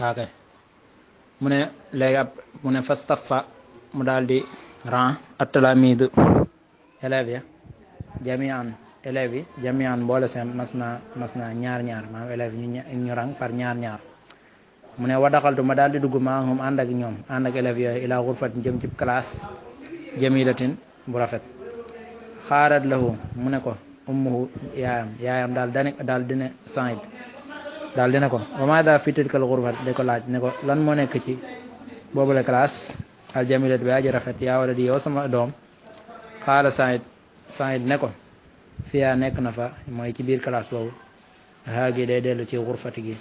waaw kay mu ne léegi ab mu ne fastafa mu daal di ran attalamidu élèves ya jamian élèves yi jamian boole seen mas ñaar-ñaar maanaam élèves ñu ñu par ñaar-ñaar mu ne wa daxaltu ma daal di dugg ñoom ànd ak élèves yooyu xurfatin jëm ci classe jamilatin bu rafet xaarat lahu mu ko ummuhu yaayam yaayam daal dane daal dine daal dina ko wa maa daa fi tilkal xurfat ne ko lan moo nekk ci boobule classe aljamilat bi aji rafet yaa wala di sama doom xaala Saïd Saïd ne ko nekk na fa mooy ci biir classe boobu a gi day dellu ci xurfati gi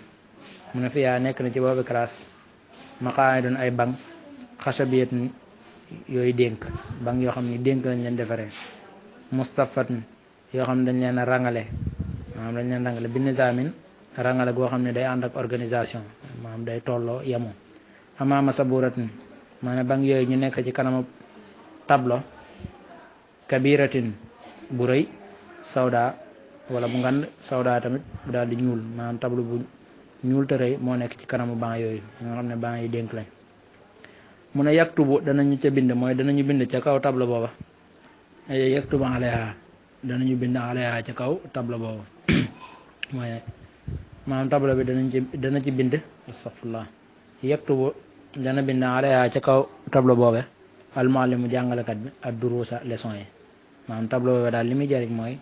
mu ne fiyaa nekk na ci boobu classe doon ay banc xasabiyatun yooyu dénk banc yoo xam ne dénk lañ leen defaree mustafatun yoo xam ne dañ leen rangale maanaam dañ rangale goo xam ne day ànd ak organisation maanaam day tolloo yemu amaama saburatin maanaam bang yooyu ñu nekk ci kanamu tableau kabiratin bu rëy sawda wala bu ngand sawda tamit bu daal di ñuul maanaam tableau bu ñuul te rëy moo nekk ci kanamu ban yooyu nga xam ne ban yi dénk lañ mu ne yaktubu danañu ca bind mooy danañu bind ca kaw tableau booba yaktubu alayha bind alayha ca kaw tableau booba mooy maanaam tableau bi danañ ci dana ci bind astafurlah yaktubu dana bind alayha ca kaw tableau boobe mu jàngalekat bi ak duruusa leçon yi maanaam tableau boobe daal li muy jëriñ mooy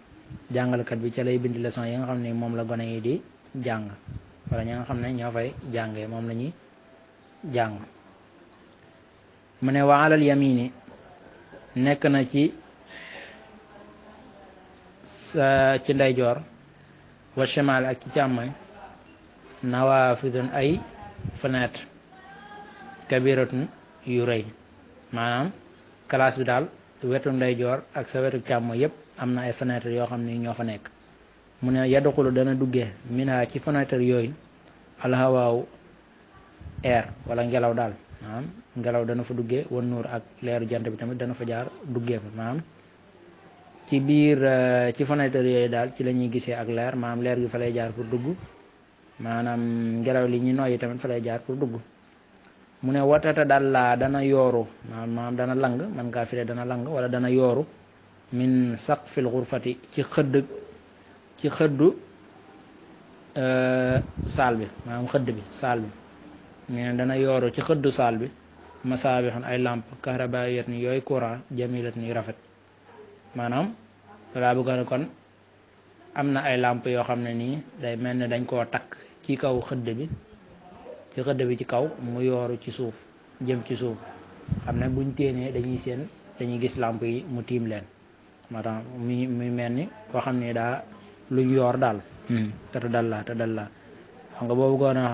jàngalekat bi ca lay bind leçon yi nga xam ne moom la gone yi di jàng wala ñi nga xam ne ñoo fay jàngee moom la ñuy jàng mu ne wa alal yamini nekk na ci sa ci ndeyjoor wa ak ci càmmoñ nawaafidun ay fenêtre kabiratun yu rëy maanaam classe bi daal wetu ndeyjoor ak sa wetu càmm yépp am na ay fenêtre yoo xam ni ñoo fa nekk mu ne yaduxulu dana dugge minha ci fenêtre yooyu alhawaaw air wala ngelaw daal maanaam ngelaw dana fa dugge wan nuur ak leeru jant bi tamit dana fa jaar duggee fa maanaam ci biir euh, ci fenêtre yooyu daal ci la ñuy gisee ak leer maanaam leer gi fa lay jaar pour dugg maanaam ngelaw li ñu noyyi tamit fa lay jaar pour dugg mu ne watata dal laa dana yooru maanaam dana lang man kaa fire dana lang wala dana yooru min saqfil fati ci xëdd ci xëddu euh, saal bi maanaam xëdd bi saal bi mu dana yooru ci xëddu saal bi masaabixun ay làmp kahrabaayat ni yooyu courant jamilat ni rafet maanaam laa bëgg kon am na ay làmp yoo xam ne nii day mel ni dañ koo takk ci kaw xëdd bi ci xëdd bi ci kaw mu yooru ci suuf jëm ci suuf xam ne buñ téenee dañuy seen dañuy gis làmp yi mu tiim leen moo tax mel ni koo xam ni daa luñ yoor daal hmm. te dal la te dal la xam nga boobu goon a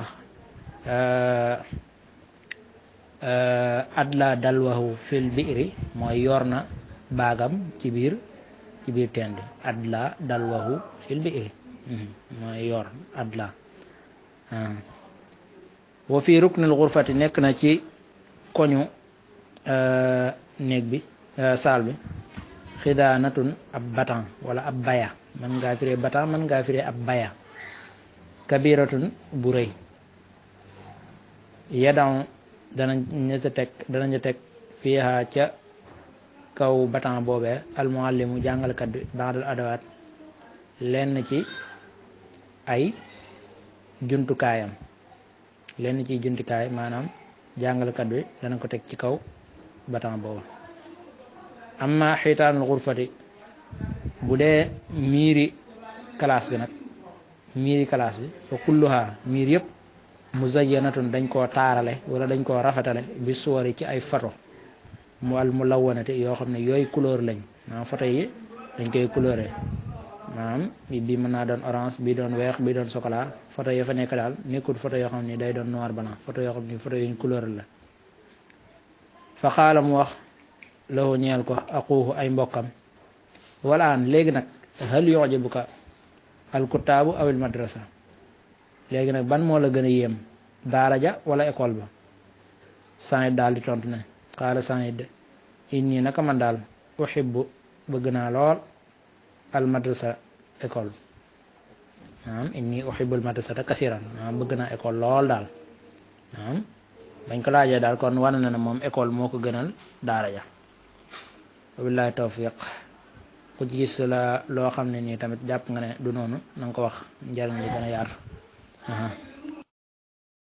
at la dalwahu fil biiri mooy yoor na baagam ci biir ci biir tend adla dalwahu fil bi'ri mhm. mooy yor adla ah. wa fi ruknil xurfati nekk na ci koñu euh, nek bi euh, saal bi xidaanatun ab batan wala ab baya man ngaa firee batan man ngaa firee ab baya kabiratun bu rëy dana ñu tek dana ñu tek fiha ca kaw batan boobe almoallimu jàngalkat bi baxdal adawaat lenn ci ay juntukaayam lenn ci juntukaay maanaam jàngalkat bi dana ko teg ci kaw batan booba amma xiitaanul xurfati bu dee miiri classe bi nag miiri classe bi fa kulluha miir yépp musayyanatun dañ koo taarale wala dañ koo rafetale bi suwari ci ay fato mu al mu lawanate yoo xam ne yooyu couleur lañ maanaam photo yi dañ koy couleurer maanaam bi mën naa doon orange bi doon weex bi doon chocolat photo yi fa nekk daal nekkul photo yoo xam ne day doon noir blanc photo yoo xam ne photo yuñ couleur la fa xaalam wax lahu ñeel ko aquuhu ay mbokkam wala an léegi nag hal yujibuka alkutaabu awil madrasa léegi nag ban moo la gën a yéem daara ja wala école ba sanit daal di tontu ne qaala Saïd nii naka man daal uhibbu bëgg naa lool al madrasa école maanaam inni uhibbu al madrasata kasiran maanaam bëgg naa école lool daal maanaam bañ ko laajee daal kon wane na ne moom école moo ko gënal daara ja wabillahi tawfiq ku gis la loo xam ne nii tamit jàpp nga ne du noonu na ko wax njariñ li gën a yaatu